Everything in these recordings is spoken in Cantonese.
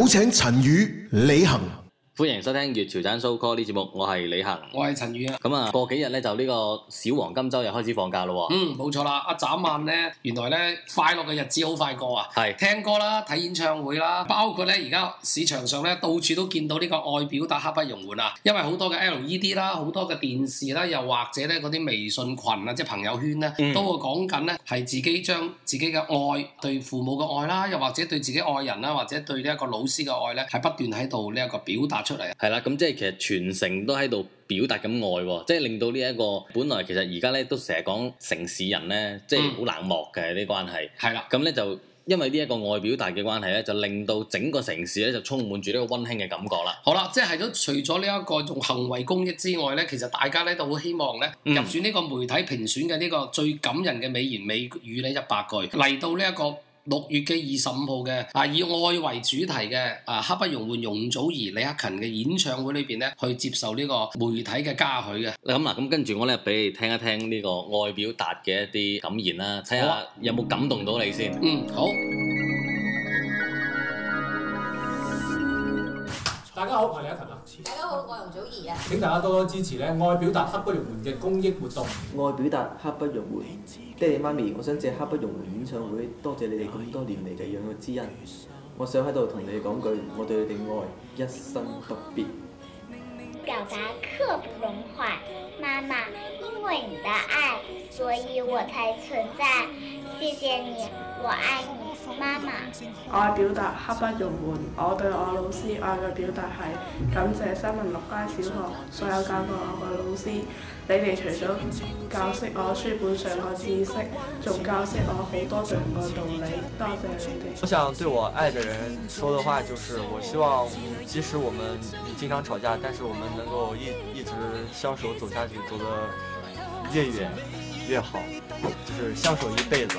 有請陳宇、李行。歡迎收聽《粵潮盞 SoCo》呢節目，我是，我係李恒，我係陳宇啊。咁啊，過幾日咧就呢個小黃金周又開始放假咯。嗯，冇錯啦，阿盞曼咧，原來咧快樂嘅日子好快過啊。係聽歌啦，睇演唱會啦，包括咧而家市場上咧到處都見到呢個愛表達刻不容緩啊。因為好多嘅 LED 啦，好多嘅電視啦，又或者咧嗰啲微信群啊，即係朋友圈咧、嗯，都會講緊咧係自己將自己嘅愛對父母嘅愛啦，又或者對自己愛人啦，或者對呢一個老師嘅愛咧，係不斷喺度呢一個表達。係啦，咁即係其實全城都喺度表達緊愛，即係令到呢一個本來其實而家咧都成日講城市人咧，即係好冷漠嘅啲、嗯、關係。係啦，咁咧就因為呢一個愛表達嘅關係咧，就令到整個城市咧就充滿住呢個溫馨嘅感覺啦。好啦，即係除咗呢一個用行為公益之外咧，其實大家咧都好希望咧入選呢個媒體評選嘅呢個最感人嘅美言美語咧一百句，嚟到呢、這、一個。六月嘅二十五號嘅啊，以愛為主題嘅啊，刻不容緩，容祖兒、李克勤嘅演唱會裏邊咧，去接受呢個媒體嘅嘉許嘅。咁、嗯、嗱，咁跟住我咧，俾你聽一聽呢個愛表達嘅一啲感言啦，睇下有冇感動到你先。嗯，好。大家好，我係李克勤。大家好，我係容祖兒啊！請大家多多支持咧，愛表達刻不容緩嘅公益活動。愛表達刻不容緩，爹哋媽咪，我想借刻不容緩演唱會，多謝你哋咁多年嚟嘅養育之恩。我想喺度同你講句，我對你哋愛一生不變。表達刻不容緩，媽媽，因為你的愛，所以我才存在。謝謝你，我愛你。媽媽，愛表達刻不容緩。我對我老師愛嘅表達係感謝三文六街小學所有教過我嘅老師，你哋除咗教識我書本上嘅知識，仲教識我好多上嘅道理，多謝你哋。我想對我愛嘅人說的話就是，我希望即使我們經常吵架，但是我們能夠一一直相守走下去，走得越遠越好，就是相守一輩子。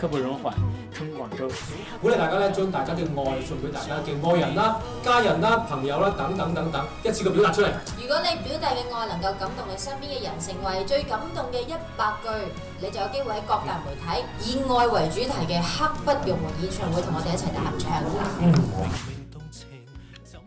刻不容緩，撐廣州！鼓勵大家咧，將大家嘅愛送俾大家嘅愛人啦、啊、家人啦、啊、朋友啦、啊、等等等等，一次過表達出嚟。如果你表達嘅愛能夠感動你身邊嘅人，成為最感動嘅一百句，你就有機會喺各大媒體以愛為主題嘅《刻不容緩》演唱會同我哋一齊大合唱。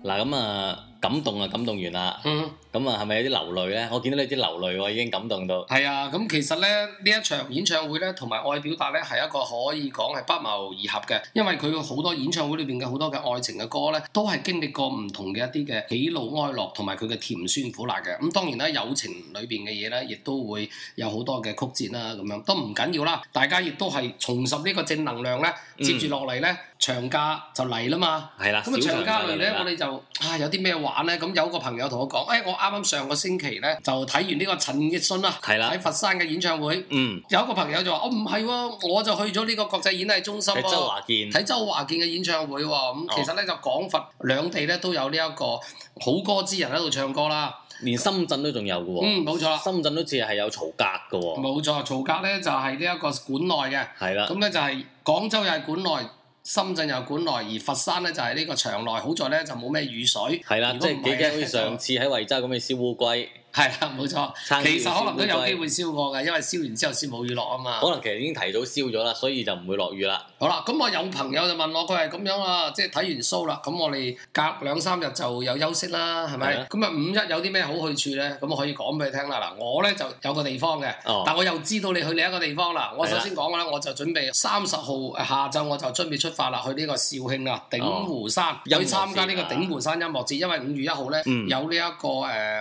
嗱、嗯，咁、嗯、啊！感動啊！感動完啦，咁、嗯、啊，係咪有啲流淚咧？我見到你啲流淚喎，已經感動到。係啊，咁其實咧，呢一場演唱會咧，同埋愛表達咧，係一個可以講係不謀而合嘅，因為佢嘅好多演唱會裏邊嘅好多嘅愛情嘅歌咧，都係經歷過唔同嘅一啲嘅喜怒哀樂，同埋佢嘅甜酸苦辣嘅。咁、嗯、當然啦，友情裏邊嘅嘢咧，亦都會有好多嘅曲折啦，咁樣都唔緊要啦。大家亦都係重拾呢個正能量咧，接住落嚟咧。嗯長假就嚟啦嘛，係啦。咁啊，長假嚟咧，我哋就啊有啲咩玩咧？咁有個朋友同我講，誒、哎，我啱啱上個星期咧就睇完呢個陳奕迅啊，喺佛山嘅演唱會。嗯，有一個朋友就話，哦，唔係喎，我就去咗呢個國際演藝中心喎、啊，睇周華健嘅演唱會喎、啊。咁其實咧、哦、就廣佛兩地咧都有呢一個好歌之人喺度唱歌啦、啊，連深圳都仲有嘅喎、啊。嗯，冇錯啦，深圳都似係有曹格嘅喎。冇錯，曹格咧就係呢一個館內嘅，係啦。咁咧就係廣州又係館內。深圳有管內，而佛山咧就係呢個場內。好在咧就冇咩雨水。係啦，即係幾驚好似上次喺惠州咁嘅燒烏龜。係啦，冇錯，其實可能都有機會燒過㗎，因為燒完之後先冇雨落啊嘛。可能其實已經提早燒咗啦，所以就唔會落雨啦。好啦，咁我有朋友就問我，佢係咁樣啊，即係睇完 show 啦，咁我哋隔兩三日就有休息啦，係咪？咁啊五一有啲咩好去處咧？咁可以講俾你聽啦。嗱，我咧就有個地方嘅、哦，但我又知道你去另一個地方啦。我首先講啦，我就準備三十號下晝我就準備出發啦，去呢個肇慶啊鼎湖山，哦、有參加呢個鼎湖山音樂節，因為五月一號咧有呢一個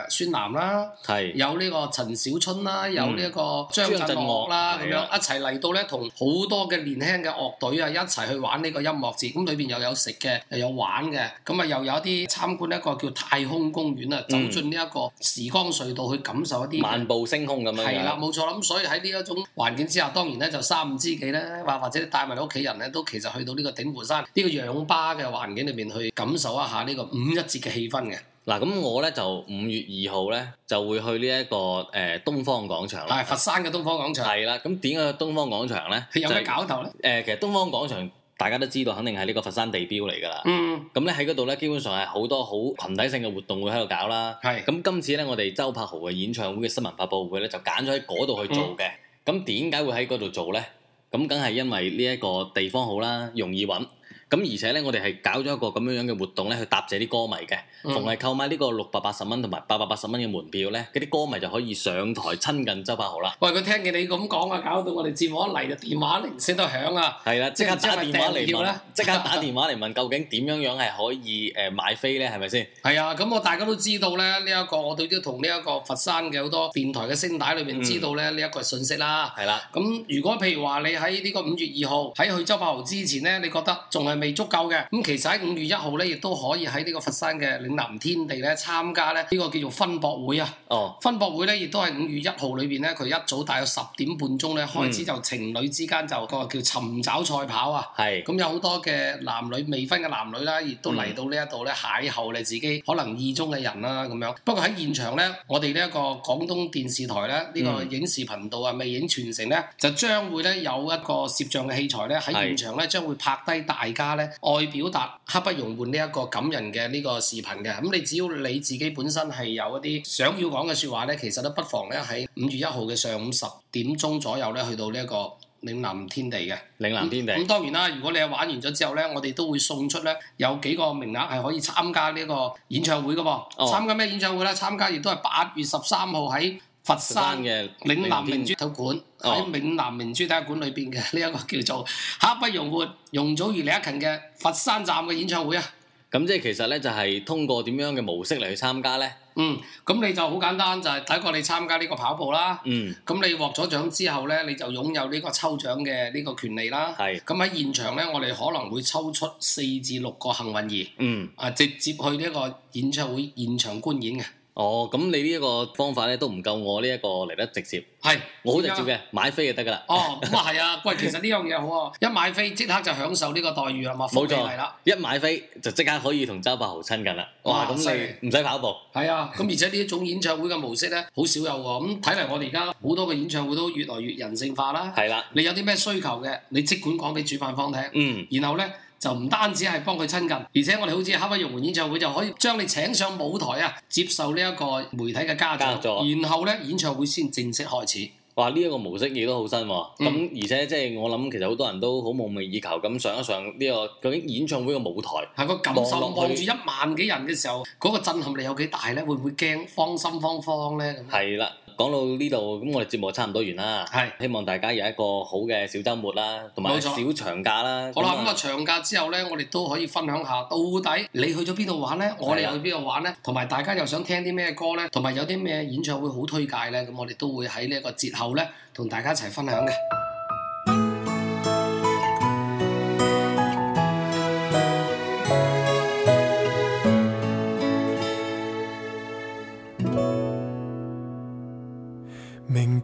誒孫楠啦，有呢、這個陳小春啦，有呢個張震岳啦，咁樣一齊嚟到咧，同好多嘅年輕嘅樂隊。佢啊一齊去玩呢個音樂節，咁裏邊又有食嘅，又有玩嘅，咁啊又有啲參觀一個叫太空公園啊、嗯，走進呢一個時光隧道去感受一啲漫步星空咁樣的。係啦，冇錯啦，咁所以喺呢一種環境之下，當然咧就三五知己咧，或或者帶埋你屋企人咧，都其實去到呢個鼎湖山呢、呢個氧吧嘅環境裏邊去感受一下呢個五一節嘅氣氛嘅。嗱，咁我咧就五月二號咧就會去呢、這、一個誒、呃、東方廣場啦。係佛山嘅東方廣場。係啦，咁點解東方廣場咧？佢有乜搞頭咧？誒、就是呃，其實東方廣場大家都知道，肯定係呢個佛山地標嚟㗎啦。嗯。咁咧喺嗰度咧，基本上係好多好群體性嘅活動會喺度搞啦。係。咁今次咧，我哋周柏豪嘅演唱會嘅新聞發佈會咧，就揀咗喺嗰度去做嘅。咁點解會喺嗰度做咧？咁梗係因為呢一個地方好啦，容易揾。咁而且咧，我哋係搞咗一個咁樣樣嘅活動咧，去答謝啲歌迷嘅。同埋購買呢個六百八十蚊同埋八百八十蚊嘅門票咧，嗰啲歌迷就可以上台親近周柏豪啦。喂，佢聽見你咁講啊，搞到我哋節目一嚟就電話鈴聲都響啊！係啦，即刻打電話嚟即刻打電話嚟問，問， 問究竟點樣樣係可以誒、呃、買飛咧？係咪先？係啊，咁我大家都知道咧，呢、這、一個我哋都同呢一個佛山嘅好多電台嘅聲帶裏邊知道咧呢一個是信息啦。係啦，咁如果譬如話你喺呢個五月二號喺去周柏豪之前咧，你覺得仲係？未足夠嘅，咁其實喺五月一號咧，亦都可以喺呢個佛山嘅嶺南天地咧參加咧呢個叫做婚博會啊！哦，婚博會咧亦都係五月一號裏邊咧，佢一早大約十點半鐘咧開始就情侶之間就個叫尋找賽跑啊！係，咁有好多嘅男女未婚嘅男女啦，亦都嚟到呢一度咧邂逅你自己可能意中嘅人啦咁樣。不過喺現場咧，我哋呢一個廣東電視台咧呢個影視頻道啊，未影全程咧，就將會咧有一個攝像嘅器材咧喺現場咧將會拍低大家。咧愛表達，刻不容緩呢一個感人嘅呢個視頻嘅，咁你只要你自己本身係有一啲想要講嘅說話咧，其實都不妨咧喺五月一號嘅上午十點鐘左右咧，去到呢一個嶺南天地嘅嶺南天地。咁、嗯、當然啦，如果你係玩完咗之後咧，我哋都會送出咧有幾個名額係可以參加呢個演唱會噶噃。參、oh. 加咩演唱會咧？參加亦都係八月十三號喺。佛山嘅嶺南明珠體育館喺嶺南明珠體育館裏邊嘅呢一個叫做刻不容緩容祖兒李克勤嘅佛山站嘅演唱會啊！咁即係其實咧就係通過點樣嘅模式嚟去參加咧？嗯，咁你就好簡單就係睇過你參加呢個跑步啦，嗯，咁你獲咗獎之後咧，你就擁有呢個抽獎嘅呢個權利啦，係。咁喺現場咧，我哋可能會抽出四至六個幸運兒，嗯，啊直接去呢個演唱會現場觀演嘅。哦，咁你呢一個方法咧都唔夠我呢一個嚟得直接。係，我好直接嘅，買飛就得噶啦。哦，咁啊係啊，喂， 其實呢樣嘢好啊，一買飛即刻就享受呢個待遇係嘛？冇錯。一買飛就即刻可以同周柏豪親近啦，哦。哇，咁你唔使跑步。係啊，咁而且呢一種演唱會嘅模式咧，好少有喎。咁睇嚟我哋而家好多嘅演唱會都越來越人性化啦。係啦。你有啲咩需求嘅，你即管講俾主辦方聽。嗯。然後咧。就唔單止係幫佢親近，而且我哋好似黑威玉環演唱會就可以將你請上舞台啊，接受呢一個媒體嘅嘉獎，然後咧演唱會先正式開始。哇！呢、這、一個模式亦都好新、哦，咁、嗯、而且即、就、係、是、我諗其實好多人都好夢寐以求咁上一上呢、這個究竟演唱會嘅舞台，係、那個感受望住一萬幾人嘅時候，嗰、那個震撼力有幾大咧？會唔會驚慌心慌慌咧？咁係啦。講到呢度，咁我哋節目差唔多完啦。係，希望大家有一個好嘅小周末啦，同埋小長假啦。好啦，咁個長假之後呢，我哋都可以分享下，到底你去咗邊度玩呢？我哋又去邊度玩呢？同埋大家又想聽啲咩歌呢？同埋有啲咩演唱會好推介呢？咁我哋都會喺呢個節後呢，同大家一齊分享嘅。